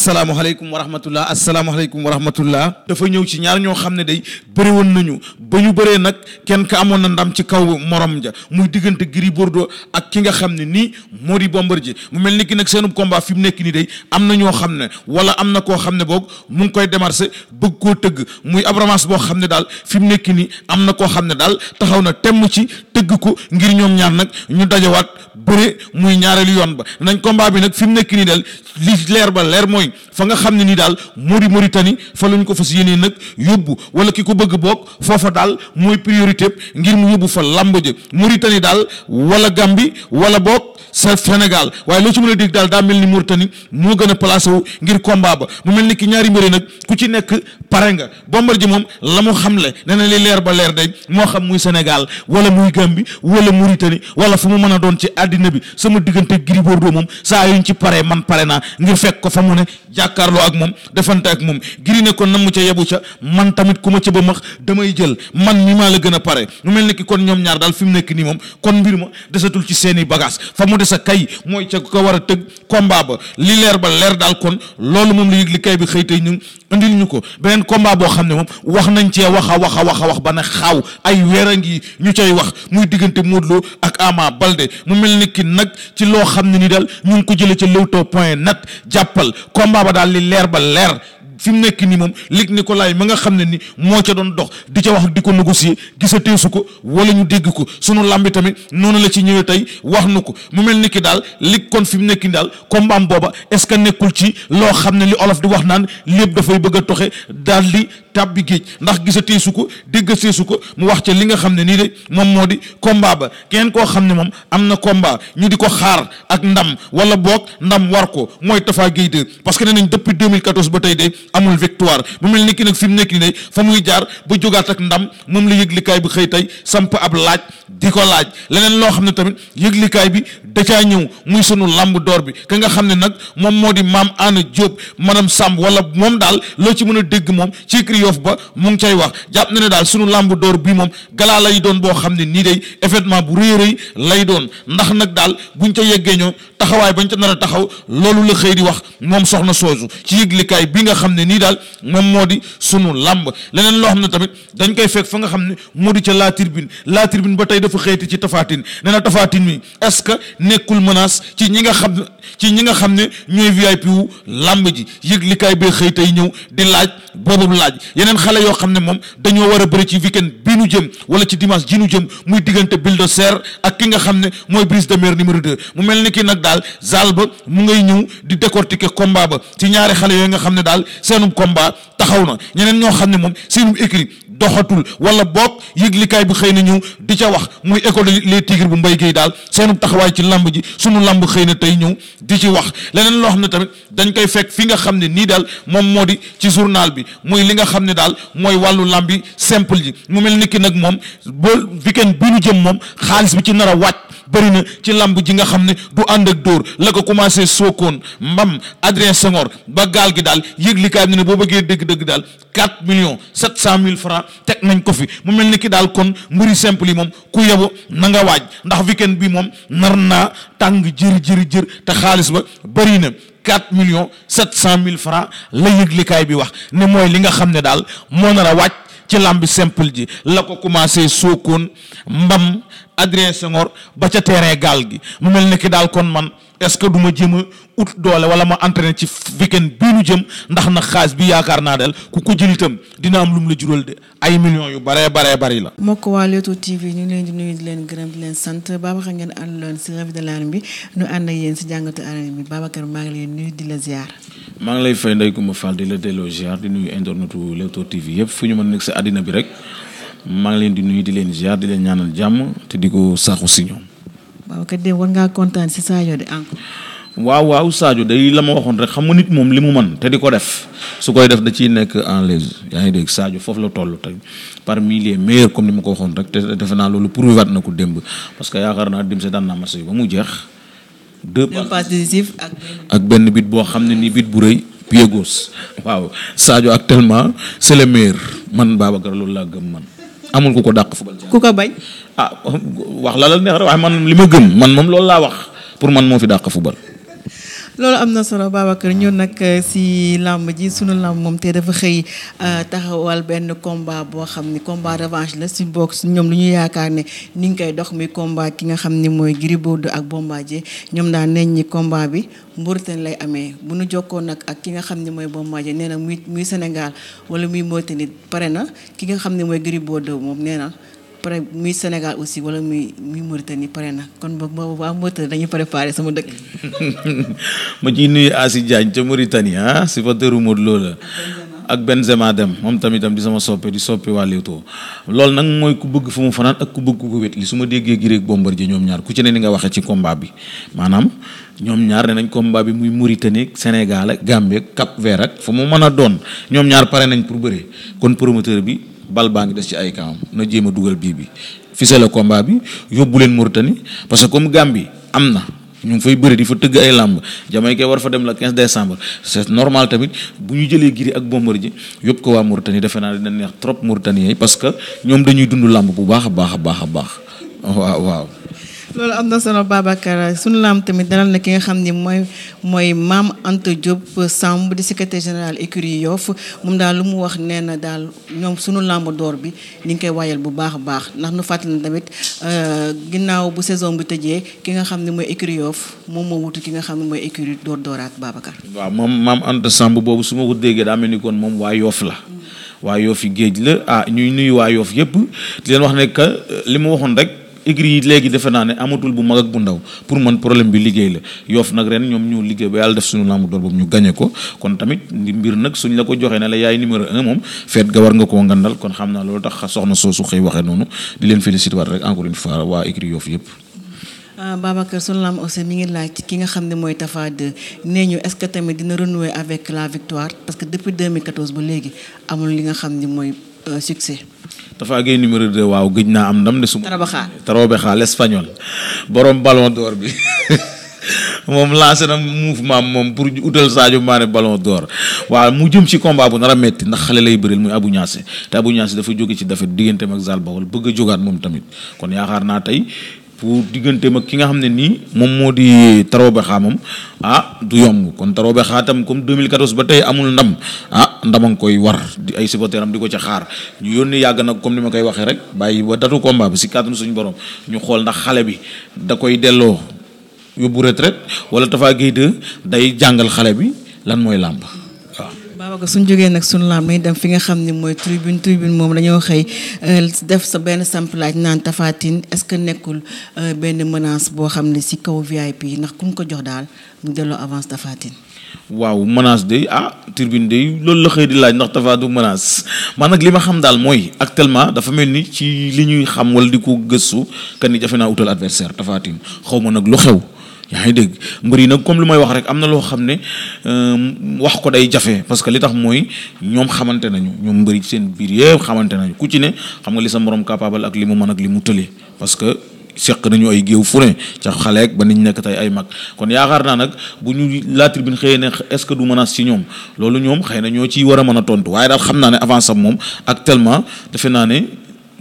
asalaamaaleykum wa rahmatullah asalaamaaleykum wa rahmatullah dafa ñëw ci ñaar ñoo xam ne day bëri woon nañu ba ñu bëree nag kenn ka amoon na ndam ci kaw morom ja muy diggante Gris Bordeaux ak ki nga xam ne nii moo di Bombardier mu mel ni ki nag seenub combat fi mu nekk nii day am na ñoo xam ne wala am na koo xam ne boog mu ngi koy démarché bëgg koo tëgg muy abramas boo xam ne daal fi mu nekk nii am na koo xam ne daal taxaw na temm ci tëgg ko ngir ñoom ñaar nag ñu dajawaat bëre muy ñaareelu yoon ba nañ combat bi nag fi mu nekk nii daal li leer ba leer mooy fa nga xam ni nii daal mori Mauritanie fa lañ ko fas yéenee nag yóbbu wala ki ko bëgg boog foofa daal mooy priorité ngir mu yóbbu fa làmb ja Mauritanie daal wala Gambie wala boog sa Sénégal waaye loo ci mën a dégg daal daa mel ni Mauritanie moo gën a placé wu ngir combat mu mel ni ki ñaari mbëri nag ku ci nekk pare nga Bombardier moom la mu xamle nee na li leer ba leer de moo xam muy Sénégal wala muy Gambie wala Mauritanie wala fu mu mën a doon ci àddina àddina bi sama diggante Gris Bordeaux moom saa yuñ ci pare man pare naa ngir fekk ko fa mu ne jàkkaarloo ak moom defante ak moom giri ne kon na mu ca yebu ca man tamit ku ma ca ba max damay jël man mi maa la gën a pare mu mel ni ki kon ñoom ñaar fi mu nekk nii moom kon mbir ma desatul ci seeni bagage fa mu des a kay mooy ca ko war a tëgg combat ba li leer ba leer daal kon loolu moom la bi xëy ñu indil ñu ko beneen boo xam ne moom wax nañ cee wax a wax a wax a wax ba ne xaaw ay weer a ngi ñu cay wax muy diggante Modou ak Ama Baldé mu mel ni ki nag ci loo xam ne ni daal ñu ngi ko jëlee ca Leewtoo point net jàppal combat combat ba daal li leer ba leer fi mu nekk nii moom lig ni ko laay ma nga xam ne ni moo ca doon dox di ca wax di ko négocier gisa teesu ko wala ñu dégg ko su sunu làmbi tamit noonu la ci ñëwee tey wax nu ko mu mel ni ki daal lig kon fi mu nekk daal combat am booba est-ce que nekkul ci loo xam ne li olof di wax naan lépp dafay bëgg a toxe daal di tàbbi géej ndax gisatee su ko déggatee su ko mu wax ca li nga xam ne nii de moom moo di combat ba kenn koo xam ne moom am na combat ñu di ko xaar ak ndam wala boog ndam war ko mooy Tafa Gueye parce que nee nañ depuis 2014 ba tey de amul victoire bu mel ni ki nag fi mu nekk nii de fa muy jaar ba jógaat ak ndam moom la yëglikaay bi xëy tey samp ab laaj di ko laaj leneen loo xam ne tamit yëglikaay bi da caa ñëw muy sunu lamb door bi ka nga xam ne nag moom moo di maam ànn Diop maanaam Samb wala moom daal loo ci mën a dégg moom yof ba mu ngi cay wax jàpp na ne daal sunu làmb d'or bii moom galaa lay doon boo xam ne nii day événement bu rëy rëy lay doon ndax nag daal buñ ca yeggee ñoom taxawaay ba bañ ca na a taxaw loolu la xëy di wax moom soxna soosu ci yëglikaay bi nga xam ne nii daal moom moo di sunu làmb leneen loo xam ne tamit dañ koy fekk fa nga xam ne moo di ca la tribune la tribune ba tey dafa xëyti ci tafaatin nee na tafaatin mi est-ce que nekkul menace ci ñi nga xam ne ci ñi nga xam ne ñooy VIP làmb ji yëglikaay bee xëy tey ñëw di laaj boobu laaj yeneen xale yoo xam ne moom dañoo war a bëri ci weekend bi nu jëm wala ci dimanche ji nu jëm muy diggante Bulldozer ak ki nga xam ne mooy Brise de Mer numéro mel daal zal ba mu ngay ñëw di décortiquer combat ba ci ñaari xale yooyu nga xam ne daal seenu combat taxaw na ñeneen ñoo xam ne moom seenum écrit doxatul wala boog yëglikaay bi xëy na ñëw di ca wax muy école les tigres bu mbay géey daal seenum taxawaay ci lamb ji sunu lamb xëy na tey ñëw di ci wax leneen loo xam ne tamit dañ koy fekk fi nga xam ne nii daal moom moo di ci journal bi muy li nga xam ne daal mooy wàllu lambi simple ji mu mel ni ki nag moom ba weekend bi ñu jëm moom xaalis bi ci nar a wàcc bëri na ci lamb ji nga xam ne du ànd ak dóor la ko commencé Sokone ba gaal gi daal yëglikaay dëgg daal quatre millions sept cent mille francs teg nañ ko fi mu mel ni ki daal kon mbiri simple yi moom ku yebu na nga waaj ndax weekend bi moom nar naa tàng jër jër jër te xaalis ba bëri na quatre millions sept cent mille francs la yëglikaay bi wax ne mooy li nga xam ne daal moo nar a wàcc ci làmbi simple ji la ko commencé Sokone Mbam Adrien Senghor ba ca terrain gaal gi mu mel ni ki daal kon man est-ce que du ma jéem ut doole wala ma entraîné ci weekend bii jëm ndax na xaalis bi yaakaar naa del ku ko jël dina am lu mu la jural de ay millions yu baree baree bari la. mbokk waa Leewtoo TV ñu ngi leen di nuyu di leen gërëm sant ngeen àndaloon si revue de l'arène bi ñu ànd ak yéen maa ngi leen nuyu di la ziar. maa ngi lay fay Ndeye Coumba Fall di la delloo ziar di nuyu internetu Leewtoo TV yëpp fu ñu mën nekk si àddina bi rek maa ngi leen di nuyu di leen ger di leen ñaanal jàmm te di ko saxu si ñoom. waaw kat de kontaan si Sadio de encore. Ah. waaw waaw Sadio day la ma waxoon rek xam nga nit moom li mu man te di ko def su koy def da ciy nekk en les yaa ngi dégg saajo foofu la toll te par les meilleurs comme li ma ko waxoon rek te defe naa loolu prouvé na ko démb parce que yaakaar naa dim se daan naa match yi ba mu jeex. deux passes décisives ak. ak benn bit boo xam ne ni bit bu rëy. pied waaw Sadio actuellement c'est le meilleur man Babacar loolu laa gëm man. amul ku ko daq football ku ko bañ. ah wax la la neex rek waaye man li ma gëm man moom loolu laa wax pour man moo fi dàq football loolu am na solo Babacar ñun nag euh, si làmb ji sunu làmb moom te dafa xëy euh, taxawal benn combat boo xam ni combat revanche la si box ñoom lu ñu yaakaar ne ni ngi koy dox muy combat ki nga xam ni mooy gri Bordeaux ak Bombardier ñoom daal neñ ñi combat bi Mauritanie lay amee bu nu jokkoo nag ak ki nga xam ne mooy Bombardier nee nag muy muy Sénégal wala muy Mauritanie pare na ki nga xam ne mooy gri Bordeaux moom nee na pare muy Sénégal aussi wala muy muy Mauritanie pare na kon boobu waa Mauritanie dañuy préparé sama dëkk. ma ciy nuyu Asi Diagne ca Mauritanie ah si fa tëru Modou Lo la ak Benzema dem moom tamit di sama soppe di soppe waa Leewtoo loolu nag mooy ku bëgg fu mu fanaan ak ku bëgg ku ko wet li su ma déggee gi rek Bombardier ñoom ñaar ku ci ne ni nga waxee ci combat bi maanaam ñoom ñaar ne nañ combat bi muy Mauritanie Sénégal ak Gambie ak Cap fu mu mën a doon ñoom ñaar pare nañ pour bëree kon promoteur bi. bal baa ngi des ci ay camp na jéema a dugal bii bi fisale combat bi yóbbu leen Mauritanie parce que comme Gambie am na ñu ngi fay bëri di fa tëgg ay làmb Jamaïque war fa dem la 15 décembre c'est normal tamit bu ñu jëlee Gris ak bombar ji yóbbu ko waa Mauritanie defe naa dina neex trop Mauritanie parce que ñoom dañuy dund làmb bu baax a baax a baax a baax waaw waaw. loolu am na solo Babacar suñu laam tamit dalal na ki nga xam ni mooy mooy maam Anta Diop Samb di secrétaire général écurie Yoff moom daal lu mu wax nee na daal ñoom suñu làmb door bi ni ngi koy waajal bu baax a baax ndax nu fàttali na tamit euh, ginnaaw bu saison bi tëjee ki nga xam ne mooy écurie Yoff moom moo wutu ki nga xam ne mooy écurie door dooraat Babacar. waa moom maam Anta Samb boobu su ma ko déggee daa mel ni kon moom waa Yoff la. Mm. waa Yoff yi géej la a ah, ñuy nuyu waa yëpp di wax ne euh, li mu waxoon rek. écurie yi léegi defe naa ne amatul bu mag ak bu ndaw pour man problème bi liggéey la yoof nag ren ñoom ñoo liggéey ba yàlla def suñu lamb door boobu ñu gañe ko kon tamit mbir nag suñ la ko joxee ne la yaay numéro un moom feet ga war nga koo ngandal kon xam naa loolu tax soxna soosu xëy waxee noonu di leen féliciter rek encore une fois waa écurie yoof yëpp ah, Babacar sunu laam aussi mi ngi laaj ki nga xam ne mooy Tapha 2 nee ñu est tamit dina Euh, succès. Tapha Gueye numéro 2 waaw gëj naa am ndam de su. Tarabaxa Tarabaxa l'espagnol borom ballon door bi. moom lancé na mouvement moom pour utal Sadio Mané ballon door waaw mu jëm ci combat bu nar a metti ndax xale lay bëril muy abu Niassé te Abou Niassé dafa jóge ci dafa digganteem ak Zal Bawol bëgg a jógaat moom tamit kon yaakaar naa tey pour diggante mag ki nga xam ne nii moom moo di Taroobe xaa moom ah du yomb kon Taroobe xaa tam comme 2014 ba tey amul ndam ah ndam a koy war di ay supporter di ko ca xaar ñu yónni yàgg nag comme ni ma koy waxee rek bàyyi ba datu combat bi si kàttanu suñu borom ñu xool ndax xale bi da koy delloo yóbbu retraite wala dafa Guèye day jàngal xale bi lan mooy làmb kooku suñ jógee nag suñu laam dem fi nga xam ne mooy tribune tribune moom dañoo xëy euh, def sa benn samplaaj naan tafaatin Tine ce que nekkul euh, benn menace boo xam ne si kaw VIP ndax ku mu ko jox daal mu delloo avance Tapha waaw menace day ah tribune day loolu la xëy di laaj ndax Tapha du man nag li ma xam daal mooy actuellement dafa mel ni ci li ñuy xam wala di ko gëstu kan ni jafe naa utal adversaire Tapha Tine xaw ma nag lu xew yaa ngi dégg mbër yi nag comme lu may wax rek am na loo xam ne euh, wax ko day jafe parce que li tax mooy ñoom xamante nañu ñoom mbër yi seen biir yëpp xamante nañu ku ci ne xam nga li sa moroom capable ak li mu mën ak li mu tële parce que seq nañu ay géew fu ne ca xale ak ba ñu nekk tey ay mag kon yaakaar naa nag bu ñu la tribune xëyee ne est-ce que du menace ci ñoom loolu ñoom xëy na ñoo ciy war a mën a tontu waaye daal xam naa ne avance am moom actuellement defe naa ne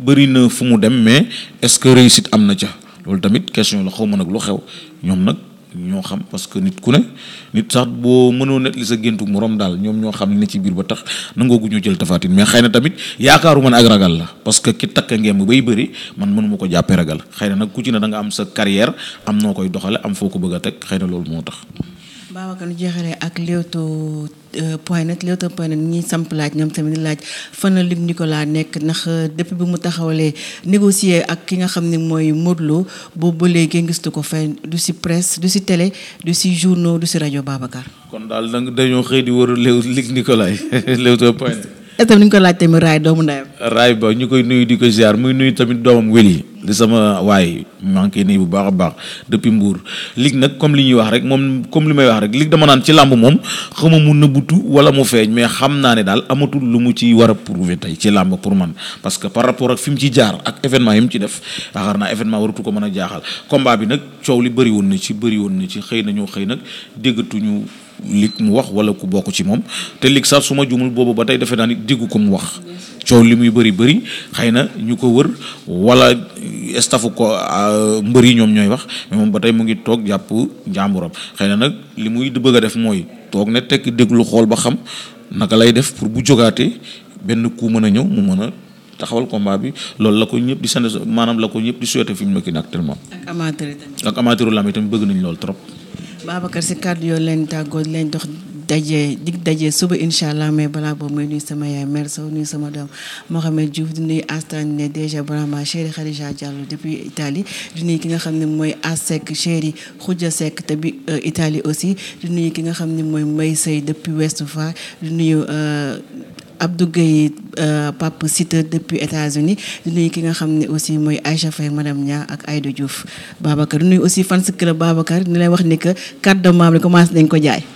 bëri na fu mu dem mais est-ce que réussite am na ca. loolu tamit question la xaw ma nag lu xew ñoom nag ñoo xam parce que nit ku ne nit sax boo mënoo net li sa géntu moroom daal ñoom ñoo xam ne ci biir ba tax nangoogu ñu jël tafaatin mais xëy na tamit yaakaaru man ak ragal la parce que ki takk ngeem bay bëri man mënu ko jàppee ragal xëy na nag ku ci ne da am sa carrière am noo koy doxale am foo ko bëgg a teg xëy na loolu moo tax Babacar ñu jeexalee ak Leewtoo euh, point net Leewtoo point ñi samp laaj ñoom tamit laaj fan la Luc Nicolas nekk ndax euh, depuis bi mu taxawalee négocier ak ki nga xam ni mooy Modou Lo boobu ba léegi ngistu ko fay du si presse du si télé du si journaux du si rajo Babacar. kon daal da dañoo xëy di wër Leew Luc Nicolas Leewtoo point net. itam ni ñu ko laaj tamit raay doomu ndeyam. raay ba ñu koy nuyu di ko ziar muy nuyu tamit doomam wéli di sama waay maa nii bu baax a baax depuis Mbour lig nag comme li ñuy wax rek moom comme li may wax rek lig dama naan ci làmb moom xama mu nëbbutu wala mu feeñ mais xam naa ne daal amatul lu mu ci war a prouver tey ci làmb pour man parce que par rapport ak fi mu ci jaar ak événement yi mu ci def yaakaar naa événement waratu ko mën a jaaxal combat bi nag coow li bëri woon na ci bëri woon na ci xëy na ñoo xëy nag déggatuñu lig mu wax wala ku bokk ci moom te lig sax su jumul boobu ba tey defe naa ni déggu ko mu wax coow li muy bëri bëri xëy na ñu ko wër stafu ko ah, mbër yi ñoom ñooy wax mais moom ba tey mu ngi toog jàpp njàmburam xëy na nag li muy bëgg a def mooy toog ne tekk déglu xool ba xam naka lay def pour bu jogaatee benn ku mën a ñëw mu mën a taxawal combat bi loolu la ko ñëpp di sant maanaam la ko ñëpp di souhaité fi mu nekk actuellement. ak amateur yi tamit ak amateur lam yi tamit bëgg nañ lool trop. Babacar si kàddu yoo leen tàggoo leen dox. daje dig daje suba incha allah mais balaa boobu may nuyu sama yaay mère Sow nuyu sama doom Mohamed Diouf di nuyu Astane ne dèjà Brahma chéri Khadija Diallo depuis Italie di nuyu ki nga xam ne mooy Asek chéri Khoudia Seck te bi euh, Italie aussi di ki nga xam ne mooy May say depuis Ouest Foire di nuyu euh, Abdou Gueye euh, Pape Sita depuis États-Unis di nuyu ki nga xam ne aussi mooy Aïcha Faye madame Nia ak Aïda Diouf Babacar di nuy aussi fans club Babacar ni lay wax ni que carte de membre commencé dañ ko jaay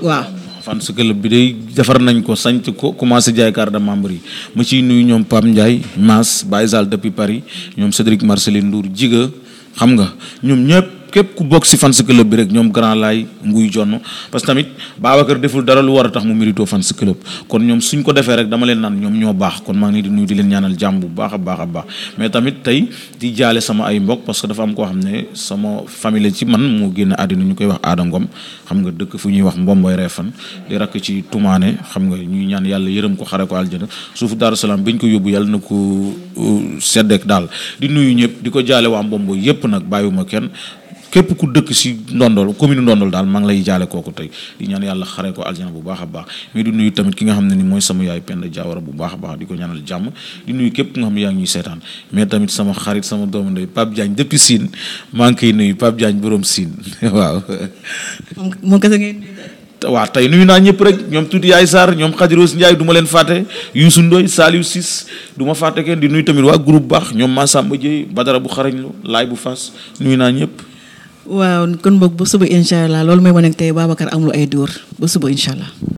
waaw fan club bi day defar nañ ko sanc ko commencé jaay carte de membre yi ma ciy nuyu ñoom Pape Ndiaye Mass Baye Sall Paris ñoom Cédric Marcelin Ndour Jiga xam nga ñoom ñëpp képp ku bokk si fans club bi rek ñoom grand laay nguy jonn parce que tamit Babacar deful dara lu war a tax mu mérito fans club kon ñoom suñ ko defee rek dama leen naan ñoom ñoo baax kon maa ngi di nuyu di leen ñaanal jàmm bu baax a baax a baax mais tamit tey di jaale sama ay mbokk parce que dafa am koo xam ne sama famille ci man moo génn àddina ñu koy wax aada ngom xam nga dëkk fu ñuy wax mbomboy reefan di rakk ci tumaane xam nga ñuy ñaan yàlla yërëm ko xare ko aljana suufu daaru salaam biñ ko yóbbu yàlla na ko uh, seddeek daal di nuyu ñëpp di ko jaale waa yëpp nag bàyyiwuma kenn képp ku dëkk si ndondol commune ndondol daal maa ngi lay jaale kooku tey di ñaan yàlla xare ko aljana bu baax a baax mais di nuyu tamit ki nga xam ne ni mooy sama yaay Penda Diawara bu baax a baax ko ñaanal jàmm nuyu képp yaa ngi seetaan mais tamit xarit sama doomu ndey Pape Diagne depuis Sine maa ngi koy nuyu Pape Diagne borom Sine waaw. moom kese ngeen waaw tey nuyu naa ñëpp rek ñoom tuuti yaay Sarr ñoom xajiroos Ndiaye du ma leen fàtte Youssou Ndoye Saliou Ciss du ma fàtte kenn di nuyu tamit waa groupe baax ñoom Massamba Dieye Badara bu xarañ lu laay bu fas nuyu naa ñëpp waaw kon boog bu suba incha allah loolu mooy wane tey Babacar amul ay dóor bu suba incha allah.